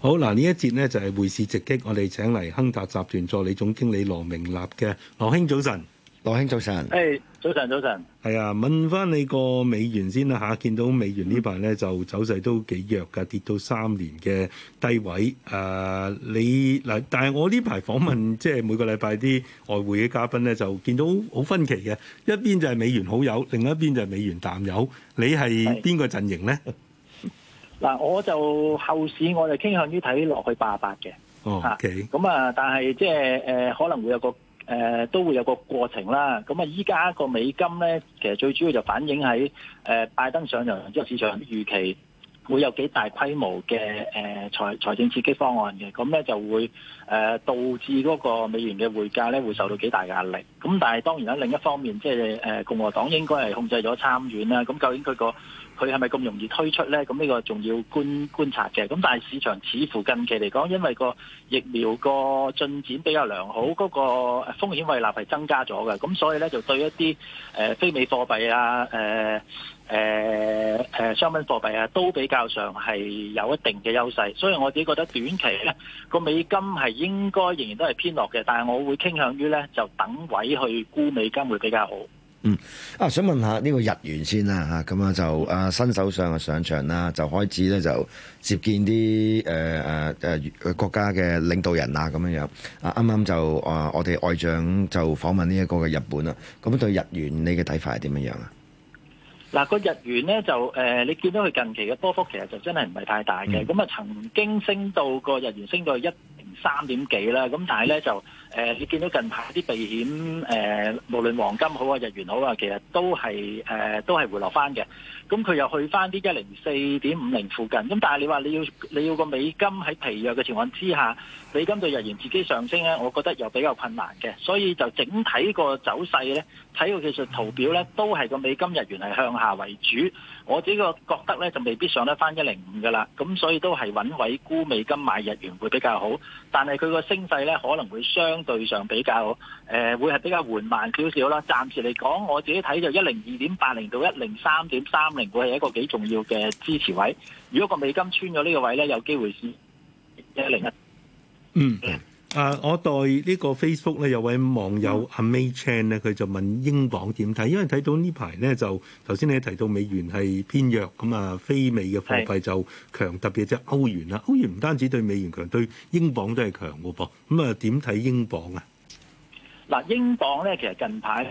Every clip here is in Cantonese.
好嗱，呢一節呢就係匯市直擊，我哋請嚟亨達集團助理總經理羅明立嘅，羅興早晨，羅興早晨，誒、hey,，早晨早晨，係啊，問翻你個美元先啦吓、啊，見到美元呢排咧就走勢都幾弱噶，跌到三年嘅低位，誒、啊，你嗱、啊，但係我呢排訪問即係、就是、每個禮拜啲外匯嘅嘉賓咧，就見到好分歧嘅，一邊就係美元好友，另一邊就係美元淡友，你係邊個陣營咧？嗱，我就後市我就傾向於睇落去八八嘅，咁 Okay. 啊！但係即係誒可能會有個誒、呃、都會有個過程啦。咁、嗯、啊，依家個美金咧，其實最主要就反映喺誒、呃、拜登上任之後，市場預期會有幾大規模嘅誒財財政刺激方案嘅。咁咧就會誒、呃、導致嗰個美元嘅匯價咧會受到幾大嘅壓力。咁、嗯、但係當然啦，另一方面即係、呃、共和黨應該係控制咗參院啦。咁、嗯、究竟佢個？佢係咪咁容易推出呢？咁呢個仲要觀觀察嘅。咁但係市場似乎近期嚟講，因為個疫苗個進展比較良好，嗰、嗰個風險胃納係增加咗嘅。咁所以呢，就對一啲誒、呃、非美貨幣啊、誒誒誒商品貨幣啊，都比較上係有一定嘅優勢。所以我自己覺得短期呢個美金係應該仍然都係偏落嘅。但係我會傾向於呢，就等位去沽美金會比較好。嗯，啊，想問下呢個日元先啦嚇，咁啊就啊新首相上、上場啦，就開始咧就接見啲誒誒誒國家嘅領導人啊咁樣樣，啊啱啱就啊我哋外長就訪問呢一個嘅日本啦，咁對日元你嘅睇法係點樣啊？嗱，個日元呢，就誒、呃，你見到佢近期嘅波幅其實就真係唔係太大嘅，咁啊、嗯、曾經升到個日元升到一。三點幾啦，咁但係咧就誒、呃，你見到近排啲避險誒、呃，無論黃金好啊、日元好啊，其實都係誒、呃，都係回落返嘅。咁、嗯、佢又去返啲一零四點五零附近，咁但係你話你要你要個美金喺疲弱嘅情況之下，美金對日元自己上升咧，我覺得又比較困難嘅。所以就整體個走勢咧，睇個技術圖表咧，都係個美金日元係向下為主。我自己個覺得咧就未必上得返一零五㗎喇，咁所以都係揾位沽美金買日元會比較好，但係佢個升勢咧可能會相對上比較誒、呃，會係比較緩慢少少啦。暫時嚟講，我自己睇就一零二點八零到一零三點三零會係一個幾重要嘅支持位。如果個美金穿咗呢個位咧，有機會是一零一。嗯。啊！我代呢個 Facebook 咧，有位網友阿 May Chan 咧，佢就問英鎊點睇，因為睇到呢排咧就頭先你提到美元係偏弱咁啊，非美嘅貨幣就強，特別係隻歐元啦。歐元唔單止對美元強，對英鎊都係強嘅噃。咁啊，點睇英鎊啊？嗱，英鎊咧，其實近排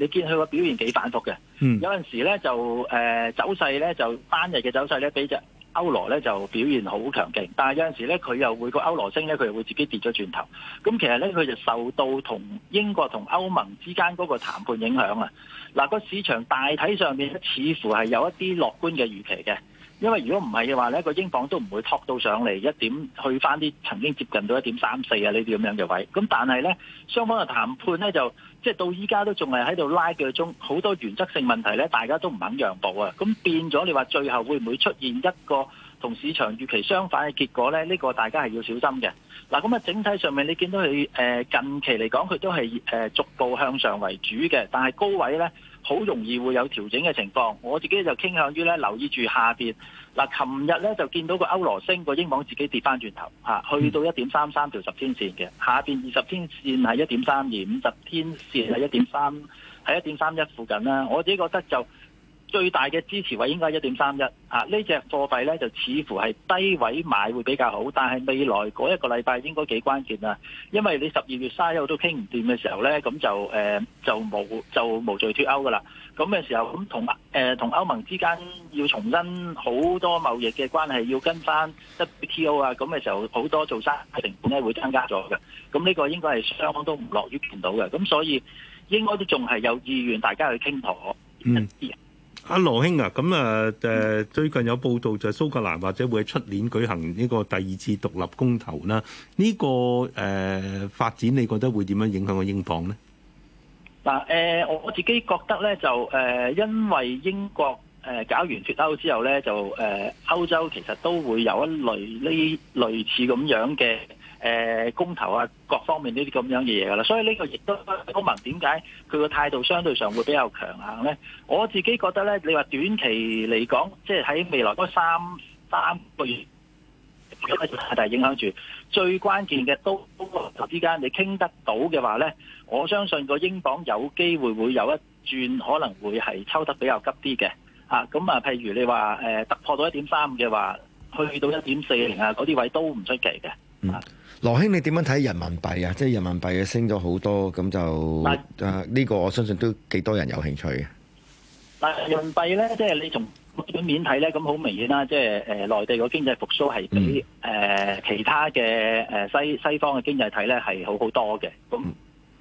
你見佢個表現幾反覆嘅。嗯。有陣時咧就誒走勢咧就單日嘅走勢咧畀隻歐羅咧就表現好強勁，但係有陣時咧佢又會個歐羅升咧，佢又會自己跌咗轉頭。咁其實咧佢就受到同英國同歐盟之間嗰個談判影響啊。嗱、個市場大體上面似乎係有一啲樂觀嘅預期嘅，因為如果唔係嘅話咧，個英鎊都唔會託到上嚟一點去翻啲曾經接近到一點三四啊這這呢啲咁樣嘅位。咁但係咧，雙方嘅談判咧就。即係到依家都仲係喺度拉鋸中，好多原則性問題咧，大家都唔肯讓步啊！咁變咗，你話最後會唔會出現一個同市場預期相反嘅結果呢？呢、呢個大家係要小心嘅。嗱，咁啊，整體上面你見到佢近期嚟講，佢都係逐步向上為主嘅，但係高位呢。好容易會有調整嘅情況，我自己就傾向於咧留意住下邊。嗱、啊，琴日咧就見到個歐羅升，個英鎊自己跌翻轉頭嚇、啊，去到一點三三條十天線嘅下邊，二十天線係一點三二，五十天線係一點三，係一點三一附近啦。我自己覺得就。最大嘅支持位應該係一點三一啊！這個、貨幣呢隻貨幣咧就似乎係低位買會比較好，但係未來嗰一個禮拜應該幾關鍵啊！因為你十二月三十一號都傾唔掂嘅時候咧，咁就誒、呃、就無就無罪脱歐㗎啦。咁嘅時候咁同誒同歐盟之間要重新好多貿易嘅關係要跟翻 WTO 啊，咁嘅時候好多做生意嘅成本咧會增加咗嘅。咁呢個應該係雙方都唔樂於見到嘅。咁所以應該都仲係有意願大家去傾妥一阿羅兄啊，咁啊誒，最近有報道就係蘇格蘭或者會喺出年舉行呢個第二次獨立公投啦。呢、這個誒發展，你覺得會點樣影響個英鎊呢？嗱誒、呃，我自己覺得咧，就誒、呃、因為英國誒搞完脱歐之後咧，就誒、呃、歐洲其實都會有一類呢類,類似咁樣嘅。誒、呃、公投啊，各方面呢啲咁樣嘅嘢㗎啦，所以呢個亦都歐盟點解佢個態度相對上會比較強硬咧？我自己覺得咧，你話短期嚟講，即係喺未來嗰三三個月，咁啊大，大影響住。最關鍵嘅都都之間你傾得到嘅話咧，我相信個英鎊有機會會有一轉，可能會係抽得比較急啲嘅。啊，咁啊，譬如你話誒、呃、突破到一點三嘅話，去到一點四零啊，嗰啲位都唔出奇嘅。啊、嗯。羅兄，你點樣睇人民幣的啊？即係人民幣升咗好多，咁就呢個我相信都幾多人有興趣嘅。但係人民幣咧，即係你從表面睇咧，咁好明顯啦，即係誒內地個經濟復蘇係比誒、呃、其他嘅誒、呃、西西方嘅經濟體咧係好好多嘅。咁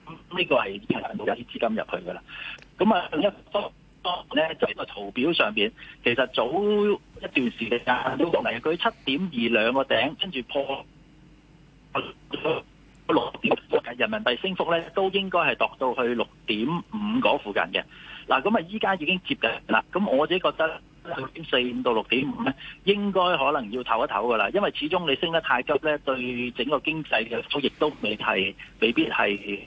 咁呢個係有啲資金入去噶啦。咁啊，一當咧就呢個圖表上邊，其實早一段時間都講嚟，佢七點二兩個頂，跟住破。六點附近，人民幣升幅咧都應該係度到去六點五嗰附近嘅。嗱，咁啊，依家已經接近啦。咁我自己覺得六點四五到六點五咧，應該可能要唞一唞噶啦。因為始終你升得太急咧，對整個經濟嘅復亦都未係未必係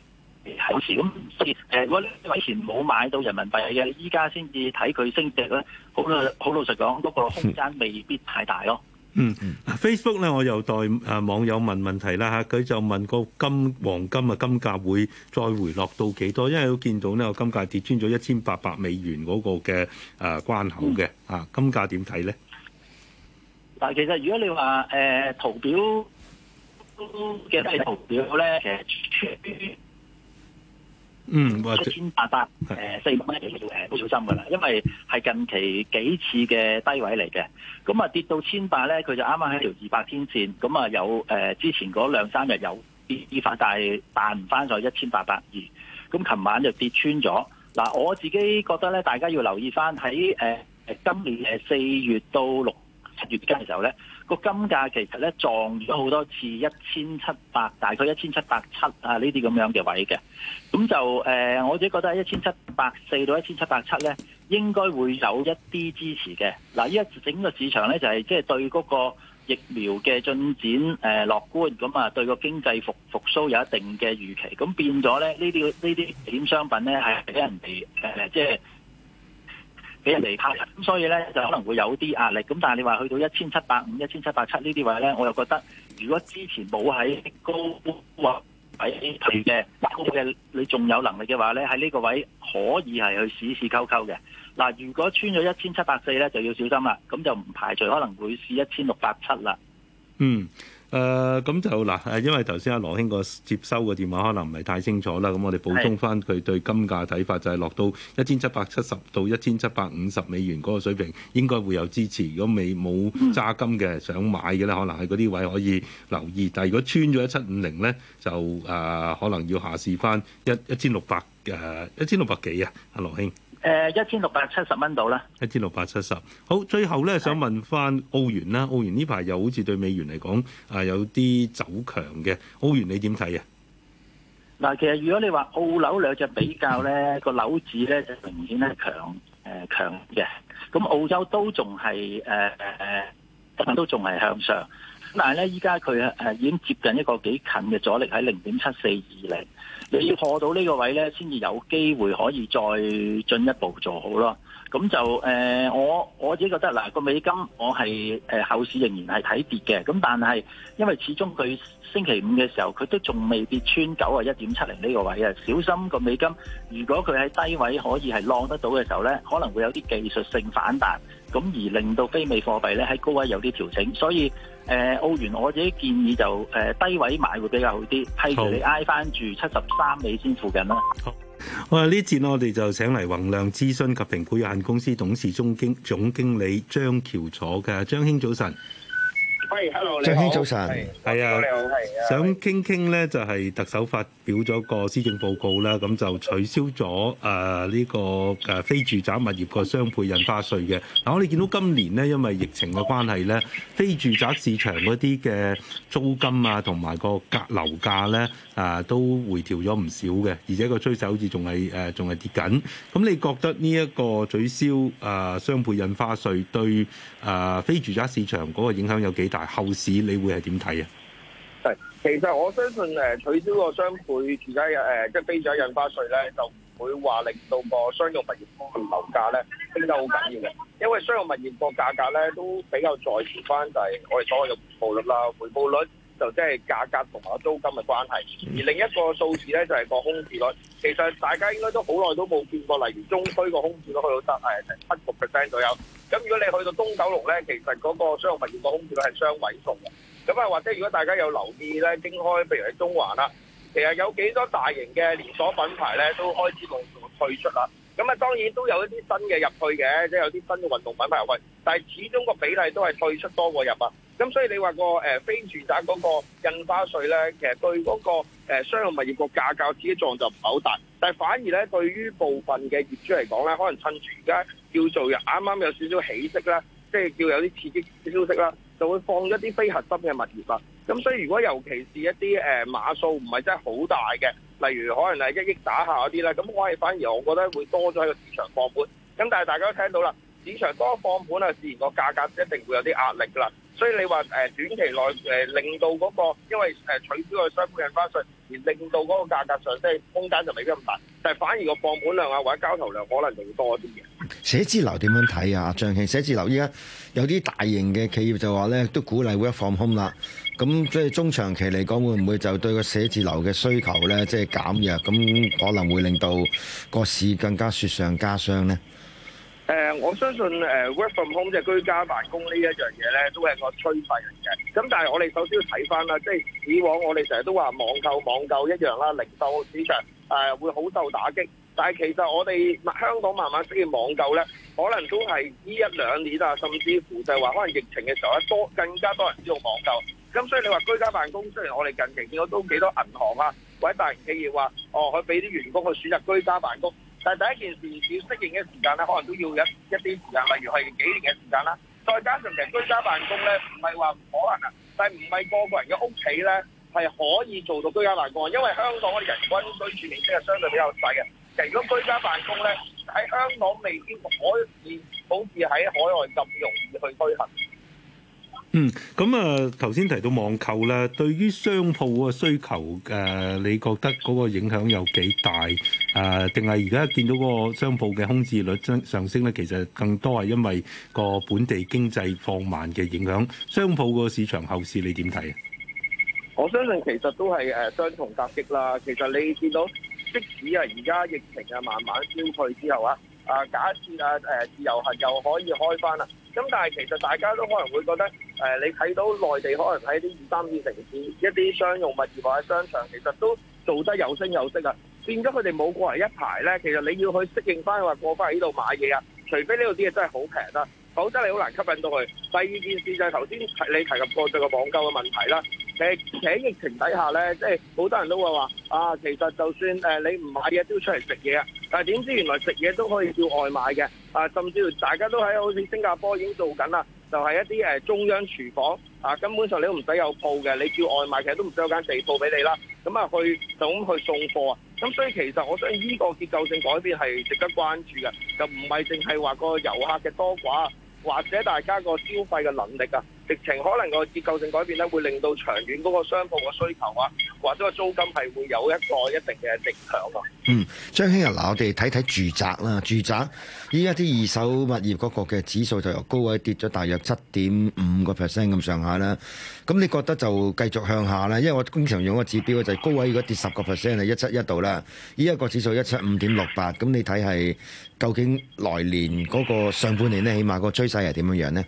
好事。咁先誒，我以前冇買到人民幣嘅，依家先至睇佢升值咧。好好老實講，嗰、那個空間未必太大咯、哦。嗯，Facebook 咧，我又代啊網友問問題啦吓，佢就問個金黃金啊，金價會再回落到幾多？因為都見到咧，個金價跌穿咗一千八百美元嗰個嘅啊關口嘅，啊，金價點睇咧？但係其實如果你話誒圖表即係圖表咧，其實。嗯，一千八百，四百蚊，誒小心㗎啦，因為係近期幾次嘅低位嚟嘅，咁啊跌到千八咧，佢就啱啱喺條二百天線，咁啊有誒、呃、之前嗰兩三日有啲啲發，但係彈唔翻咗一千八百二，咁琴晚就跌穿咗。嗱，我自己覺得咧，大家要留意翻喺誒今年四月到六。七月間嘅時候咧，個金價其實咧撞咗好多次一千七百，1, 700，大概一千七百七啊呢啲咁樣嘅位嘅，咁就誒、呃、我自己覺得一千七百四到一千七百七咧，應該會有一啲支持嘅。嗱、啊，依家整個市場咧就係即係對嗰個疫苗嘅進展誒樂觀，咁、呃、啊對個經濟復復甦有一定嘅預期，咁變咗咧呢啲呢啲險商品咧係俾人哋誒即係。的的俾人哋拍，咁所以咧就可能會有啲壓力。咁但係你話去到一千七百五、一千七百七呢啲位咧，我又覺得如果之前冇喺高位睇嘅嘅，你仲有能力嘅話咧，喺呢個位可以係去試試溝溝嘅。嗱，如果穿咗一千七百四咧，就要小心啦。咁就唔排除可能會試一千六百七啦。嗯。誒咁，呃、就，嗱，因為頭先阿羅兄個接收個電話可能唔係太清楚啦，咁我哋補充翻佢對金價睇法就係落到一千七百七十到一千七百五十美元嗰個水平應該會有支持。如果未冇揸金嘅想買嘅咧，可能係嗰啲位可以留意。但如果穿咗一七五零咧，就、呃、可能要下試翻一一千六百誒一千六百幾啊，阿羅兄。誒一千六百七十蚊到啦，一千六百七十。好，最後咧想問返澳元啦，澳元呢排又好似對美元嚟講啊，有啲走強嘅。澳元你點睇啊？嗱，其實如果你話澳紐兩隻比較咧，那個紐字咧就明顯咧強誒、呃、強嘅。咁澳洲都仲係誒誒，呃、都仲係向上。但係咧，依家佢誒已經接近一個幾近嘅阻力喺零點七四二零。你要破到呢個位呢，先至有機會可以再進一步做好咯。咁就誒、呃，我我自己覺得嗱，個、呃、美金我係誒、呃、後市仍然係睇跌嘅。咁但係因為始終佢星期五嘅時候，佢都仲未跌穿九啊一點七零呢個位啊。小心個美金，如果佢喺低位可以係浪得到嘅時候咧，可能會有啲技術性反彈，咁而令到非美貨幣咧喺高位有啲調整。所以誒、呃，澳元我自己建議就誒、呃、低位買會比較好啲，譬如你挨翻住七十三美仙附近啦。好好喇，呢節我哋就請嚟泓亮諮詢及評估有限公司董事總經總經理張翹楚嘅張兄,、hey, 兄早晨，歡迎，hello，你好，張兄早晨，係啊是，想傾傾咧就係特首發表咗個施政報告啦，咁就取消咗啊呢、這個誒非住宅物業個雙倍印花稅嘅。嗱，我哋見到今年呢，因為疫情嘅關係呢，非住宅市場嗰啲嘅租金啊，同埋個價樓價呢啊，都回調咗唔少嘅，而且個趨勢好似仲係誒，仲、啊、係跌緊。咁你覺得呢一個取消誒、啊、雙倍印花稅對誒、啊、非住宅市場嗰個影響有幾大？後市你會係點睇啊？係，其實我相信誒、啊、取消個雙倍住宅誒即係非住宅印花稅咧，就唔會話令到個商用物業業樓價咧升得好緊要嘅，因為商用物業個價格咧都比較在乎翻就係我哋所謂嘅回報率啦，回報率。就即係價格同埋個租金嘅關係，而另一個數字呢就係、是、個空置率。其實大家應該都好耐都冇見過，例如中區個空置率去到得係成七個 percent 左右。咁如果你去到東九龍呢，其實嗰個商業物業個空置率係雙位數嘅。咁啊，或者如果大家有留意呢，經開譬如係中環啦，其實有幾多大型嘅連鎖品牌呢都開始陸續退出啦。咁啊，當然都有一啲新嘅入去嘅，即係有啲新嘅運動品牌入去，但係始終個比例都係退出多過入啊。咁所以你話個誒非住宅嗰個印花稅咧，其實對嗰個商用物業個價格自刺激作用就唔係好大，但係反而咧對於部分嘅業主嚟講咧，可能趁住而家叫做啱啱有少少起色啦，即係叫有啲刺激嘅消息啦，就會放一啲非核心嘅物業啦。咁所以如果尤其是一啲誒碼數唔係真係好大嘅，例如可能係一億打下嗰啲咧，咁我係反而我覺得會多咗喺個市場放盤。咁但係大家都聽到啦，市場多放盤啊，自然個價格一定會有啲壓力噶啦。所以你話短期內令到嗰個，因為取消嘅雙倍印花稅，而令到嗰個價格上升空間就未必咁大，但反而個放盤量啊或者交投量可能就會多啲嘅。寫字樓點樣睇啊？長期寫字樓依家有啲大型嘅企業就話咧都鼓勵 work from home 啦。咁即係中長期嚟講，會唔會就對個寫字樓嘅需求咧即係減弱？咁可能會令到個市更加雪上加霜呢。誒、呃，我相信誒，work from home 即係居家辦公呢一樣嘢咧，都係個趨勢嚟嘅。咁但係我哋首先要睇翻啦，即係以往我哋成日都話網購、網購一樣啦，零售市場會好受打擊。但係其實我哋香港慢慢適應網購咧，可能都係呢一兩年啊，甚至乎就係話可能疫情嘅時候咧，多更加多人知道網購。咁所以你話居家辦公，雖然我哋近期見到都幾多銀行啊、或者大型企業話、啊，哦，佢俾啲員工去選擇居家辦公。但係第一件事要適應嘅時間咧，可能都要一一啲時間，例如係幾年嘅時間啦。再加上其實居家辦公咧，唔係話唔可能啊，但係唔係個個人嘅屋企咧係可以做到居家辦公，因為香港我哋人均居住面積係相對比較細嘅。其實如果居家辦公咧，喺香港未必可以好似喺海外咁容易去推行。嗯，咁啊，頭先提到網購啦，對於商鋪嘅需求，誒，你覺得嗰個影響有幾大？誒，定係而家見到嗰個商鋪嘅空置率增上升咧，其實更多係因為個本地經濟放慢嘅影響。商鋪個市場後市你點睇啊？我相信其實都係誒雙重夾擊啦。其實你見到，即使啊而家疫情啊慢慢消退之後啊，啊假設啊誒自由行又可以開翻啦。咁、嗯、但係其實大家都可能會覺得，誒、呃、你睇到內地可能喺啲二三線城市一啲商用物業或者商場，其實都做得有聲有色啊。變咗佢哋冇過嚟一排呢，其實你要去適應翻話過翻嚟呢度買嘢啊。除非呢度啲嘢真係好平啦，否則你好難吸引到佢。第二件事就係頭先你提及過對個網購嘅問題啦。誒喺疫情底下呢，即係好多人都會話啊，其實就算誒你唔買嘢，都要出嚟食嘢啊。但係點知原來食嘢都可以叫外賣嘅，啊，甚至大家都喺好似新加坡已經做緊啦，就係一啲誒中央廚房，啊，根本上你都唔使有鋪嘅，你叫外賣其實都唔使有間地鋪俾你啦，咁啊去就咁去送貨啊，咁所以其實我相信呢個結構性改變係值得關注嘅，就唔係淨係話個遊客嘅多寡，或者大家個消費嘅能力啊。直情可能個結構性改變咧，會令到長遠嗰個商鋪嘅需求啊，或者個租金係會有一個一定嘅影響啊。嗯，張興日嗱，我哋睇睇住宅啦，住宅依家啲二手物業嗰個嘅指數就由高位跌咗大約七點五個 percent 咁上下啦。咁你覺得就繼續向下咧？因為我經常用嘅指標就係高位如果跌十個 percent 係一七一度啦。依一個指數一七五點六八，咁你睇係究竟來年嗰個上半年呢，起碼個趨勢係點樣樣咧？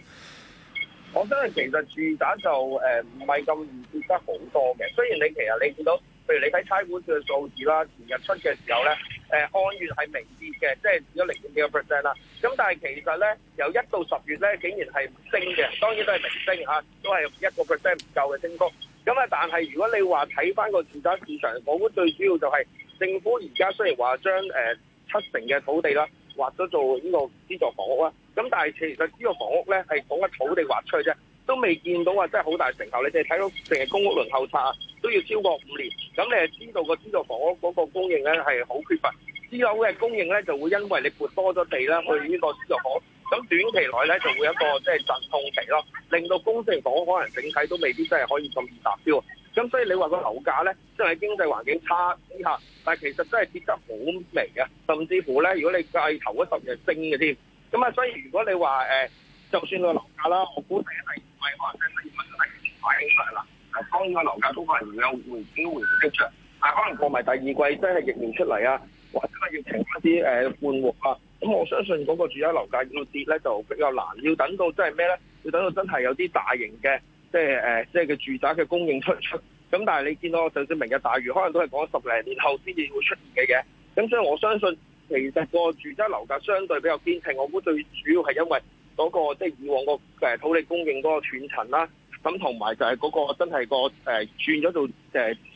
我覺得其實住宅就誒唔係咁易跌得好多嘅，雖然你其實你見到，譬如你睇差館嘅數字啦，前日出嘅時候咧，誒按月係微跌嘅，即係跌咗零點幾個 percent 啦，咁但係其實咧由一到十月咧竟然係升嘅，當然都係微升嚇、啊，都係一個 percent 唔夠嘅升幅。咁啊，但係如果你話睇翻個住宅市場，我覺得最主要就係政府而家雖然話將誒。呃七成嘅土地啦，劃咗做呢個資助房屋啊，咁但係其實呢個房屋咧係講緊土地劃出去啫，都未見到話、啊、真係好大成效。你哋睇到成日公屋輪候冊啊，都要超過五年，咁你係知道個資助房屋嗰個供應咧係好缺乏，私樓嘅供應咧就會因為你撥多咗地啦去呢個資助房，咁短期內咧就會有一個即係陣痛期咯，令到公營房屋可能整體都未必真係可以咁易達標。咁所以你話個樓價咧，即係經濟環境差之下，但係其實真係跌得好微啊，甚至乎咧，如果你計頭嗰十日升嘅添。咁啊，所以如果你話誒、呃，就算個樓價啦，我估計第一季唔係話真係乜都突然間起上嚟啦。當然個樓價都可能有回軟回復出嚟，但可能過埋第二季真係疫苗出嚟啊，或者係要停一啲誒、呃、半活啊。咁我相信嗰個住宅樓價要跌咧就比較難，要等到即係咩咧？要等到真係有啲大型嘅。即係誒，即係嘅住宅嘅供應出出，咁但係你見到就算明日大嶼可能都係講十零年後先至會出現嘅嘅，咁所以我相信其實個住宅樓價相對比較堅挺，我估最主要係因為嗰、嗰個即係、就係、以往個誒土地供應嗰個斷層啦，咁同埋就係嗰個真係、嗰個誒轉咗做誒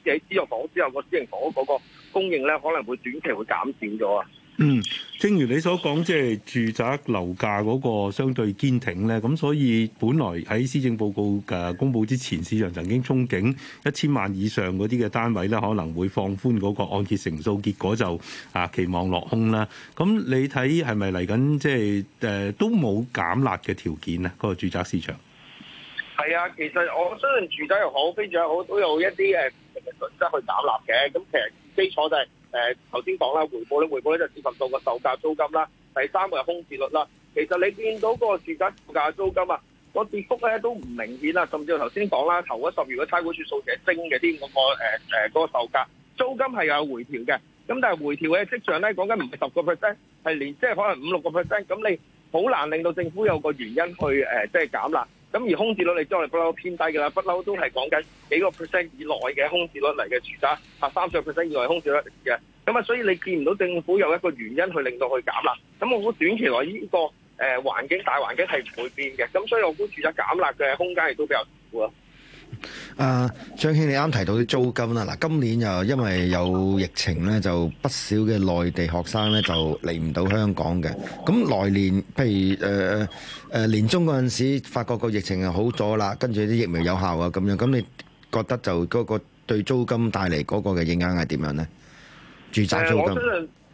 私營房屋之後個私營房屋嗰個供應咧，可能會短期會減少咗啊。嗯，正如你所講，即係住宅樓價嗰個相對堅挺咧，咁所以本來喺施政報告嘅公布之前，市場曾經憧憬一千萬以上嗰啲嘅單位咧可能會放寬嗰個按揭成數，結果就啊期望落空啦。咁你睇係咪嚟緊即係誒都冇減辣嘅條件啊？個住宅市場係啊，其實我相信住宅又好，非住宅又好，都有一啲誒原則去減辣嘅。咁其實基礎就係。誒頭先講啦，回報咧，回報咧就涉及到個售價租金啦。第三個係空置率啦。其實你見到個住宅售價租金啊，個跌幅咧都唔明顯啦。甚至我頭先講啦，頭嗰十月嘅差估處數字係升嘅，啲咁個誒誒嗰個售價租金係有回調嘅。咁但係回調嘅跡象咧講緊唔係十個 percent，係連即係可能五六個 percent。咁你好難令到政府有個原因去誒，即係減啦。咁而空置率你即係不嬲偏低㗎啦，不嬲都係講緊幾個 percent 以內嘅空置率嚟嘅住宅，嚇三十個 percent 以內空置率嚟嘅，咁啊，所以你見唔到政府有一個原因去令到佢減壓。咁我估短期內呢、呢個誒、呃、環境大環境係唔會變嘅，咁所以我估住宅減壓嘅空間亦都比較少。阿張兄，你啱提到啲租金啦，嗱，今年又因為有疫情咧，就不少嘅內地學生咧就嚟唔到香港嘅。咁來年，譬如誒誒誒，年中嗰陣時，發覺個疫情又好咗啦，跟住啲疫苗有效啊，咁樣，咁你覺得就嗰個對租金帶嚟嗰個嘅影響係點樣呢？住宅租金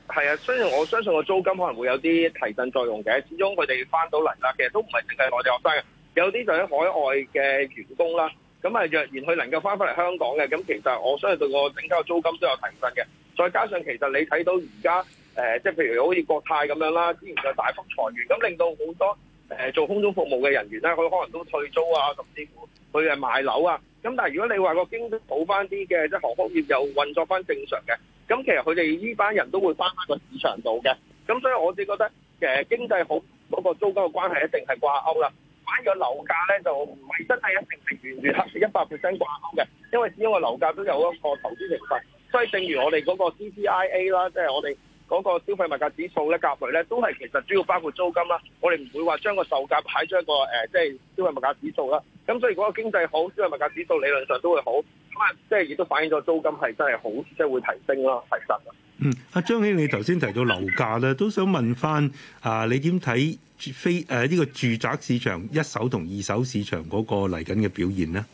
係啊，雖然我相信個租金可能會有啲提振作用嘅，始終佢哋翻到嚟啦，其實都唔係淨係內地學生嘅，有啲就喺海外嘅員工啦。咁啊，若然佢能夠翻返嚟香港嘅，咁其實我相信對個整體嘅租金都有提升嘅。再加上其實你睇到而家誒，即、呃、係譬如好似國泰咁樣啦，之前就大幅裁員，咁令到好多誒、呃、做空中服務嘅人員咧，佢可能都退租啊，甚至乎佢係賣樓啊。咁但係如果你話個經濟好翻啲嘅，即係航空業又運作翻正常嘅，咁其實佢哋呢班人都會翻返個市場度嘅。咁所以我只覺得，誒、呃、經濟好嗰、那個租金嘅關係一定係掛鈎啦。買個樓價咧就唔係真係一定係完全合一百 percent 掛鈎嘅，因為始終樓價都有一個投資成分，所以正如我哋嗰個 C C I A 啦，即係我哋嗰個消費物價指數咧，夾佢咧都係其實主要包括租金啦，我哋唔會話將個售價擺一個誒即係消費物價指數啦。咁所以嗰個經濟好，所以物價指數理論上都會好，咁啊，即係亦都反映咗租金係真係好，即係會提升咯，係實。嗯，阿張兄，你頭先提到樓價咧，都想問翻啊，你點睇非誒呢個住宅市場一手同二手市場嗰個嚟緊嘅表現呢？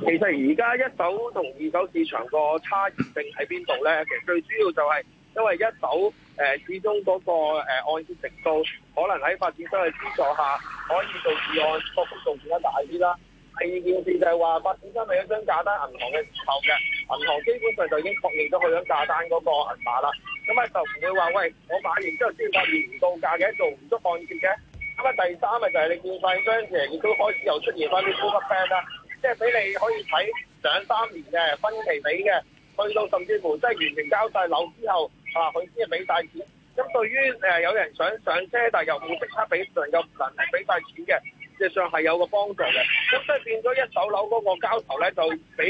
其實而家一手同二手市場個差異性喺邊度咧？其實最主要就係。因為一手誒，始終嗰個誒按揭成數，可能喺發展商嘅資助下，可以導致按幅度變得大啲啦。第二件事就係話，發展商係一張價單銀行嘅時候嘅，銀行基本上就已經確認咗佢張價單嗰個銀碼啦。咁啊，就唔會話喂，我買完之後先發現唔到價嘅，做唔足按揭嘅。咁啊，第三啊就係你見晒張亦都開始又出現翻啲高級 band 啦，即係俾你可以睇兩三年嘅分期俾嘅，去到甚至乎即係完全交晒樓之後。話佢先係俾大錢，咁對於誒有人想上車，但又冇即刻俾，能夠唔能夠俾大錢嘅，事實上係有個幫助嘅。咁所以變咗一手樓嗰個交投咧，就比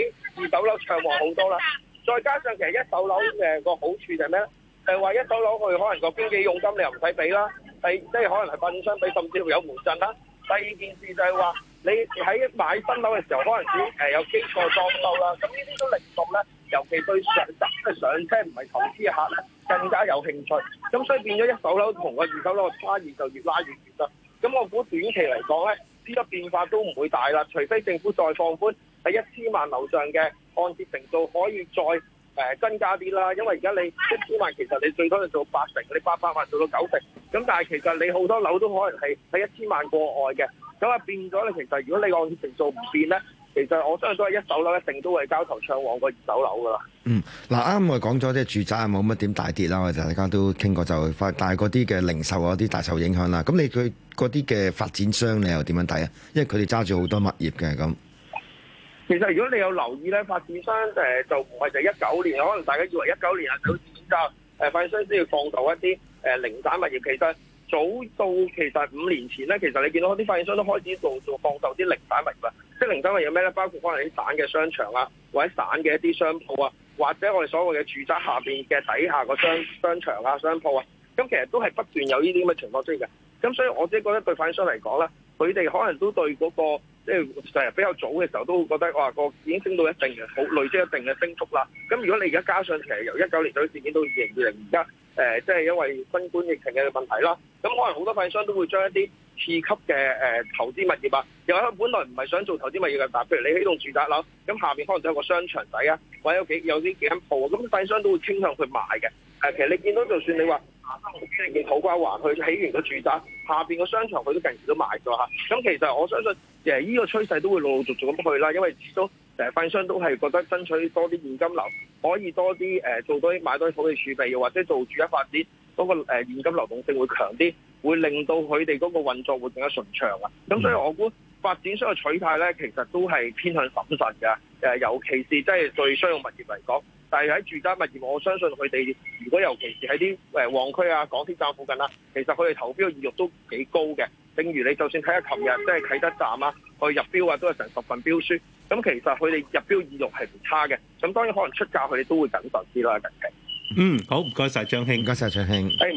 二手樓暢旺好多啦。再加上其實一手樓誒個好處就咩？就話一手樓佢可能個經紀佣金你又唔使俾啦，係即係可能係發展商俾，甚至乎有門檻啦。第二件事就係話。你喺買新樓嘅時候，可能已經有基礎裝修啦，咁呢啲都令到咧，尤其對上即係上車唔係投資客咧更加有興趣，咁所以變咗一手樓同個二手樓嘅差異就越拉越遠啦。咁我估短期嚟講咧，呢個變化都唔會大啦，除非政府再放寬喺一千萬樓上嘅按揭程度可以再。誒增加啲啦，因為而家你一千萬其實你最多就做八成，你八百萬做到九成，咁但係其實你好多樓都可能係一千萬過外嘅，咁啊變咗咧，其實如果你按成數唔變咧，其實我相信都係一手樓一定都會交投暢旺過二手樓噶啦。嗯，嗱啱我講咗即係住宅係冇乜點大跌啦，我就大家都傾過就快，但係嗰啲嘅零售嗰啲大受影響啦。咁你佢嗰啲嘅發展商你又點樣睇啊？因為佢哋揸住好多物業嘅咁。其實如果你有留意咧，發展商就唔係就一九年，可能大家以為一九年係到時就誒發展商先要放售一啲零散物業。其實早到其實五年前咧，其實你見到啲發展商都開始做做放售啲零散物業。即係零散物業咩咧？包括可能啲散嘅商場啊，或者散嘅一啲商鋪啊，或者我哋所謂嘅住宅下面嘅底下個商商場啊、商鋪啊，咁其實都係不斷有呢啲咁嘅情況出現嘅。咁所以我即係覺得對發展商嚟講咧，佢哋可能都對嗰個。即係成日比較早嘅時候，都覺得哇個已經升到一定嘅，好累積一定嘅升幅啦。咁如果你而家加上其實由一九年嗰啲事件到二零二零而家，即、呃、係、就是、因為新冠疫情嘅問題啦，咁可能好多快商都會將一啲次級嘅、呃、投資物業啊，又喺本來唔係想做投資物業嘅，但譬如你起棟住宅樓，咁下面可能就有個商場仔啊，或者有幾有啲幾間鋪，咁快商都會傾向去買嘅、呃。其實你見到就算你話。土瓜灣去起完個住宅，下邊個商場佢都近期都賣咗嚇。咁其實我相信誒呢個趨勢都會陸陸續續咁去啦，因為始終誒、呃、發展商都係覺得爭取多啲現金流，可以多啲誒做多啲買多啲土地儲備，又或者做住宅發展嗰、那個誒現金流動性會強啲，會令到佢哋嗰個運作會更加順暢啊。咁所以我估發展商嘅取態咧，其實都係偏向審慎嘅，誒、呃、尤其是即係對商用物業嚟講。但係喺住宅物業，我相信佢哋如果尤其是喺啲誒旺區啊、港鐵站附近啦、啊，其實佢哋投標意欲都幾高嘅。正如你就算睇下琴日即係啟德站啊，去入標啊，都係成十份標書。咁其實佢哋入標意欲係唔差嘅。咁當然可能出價佢哋都會等實啲啦。近期嗯，好，唔該晒張兄，唔該晒張兄。哎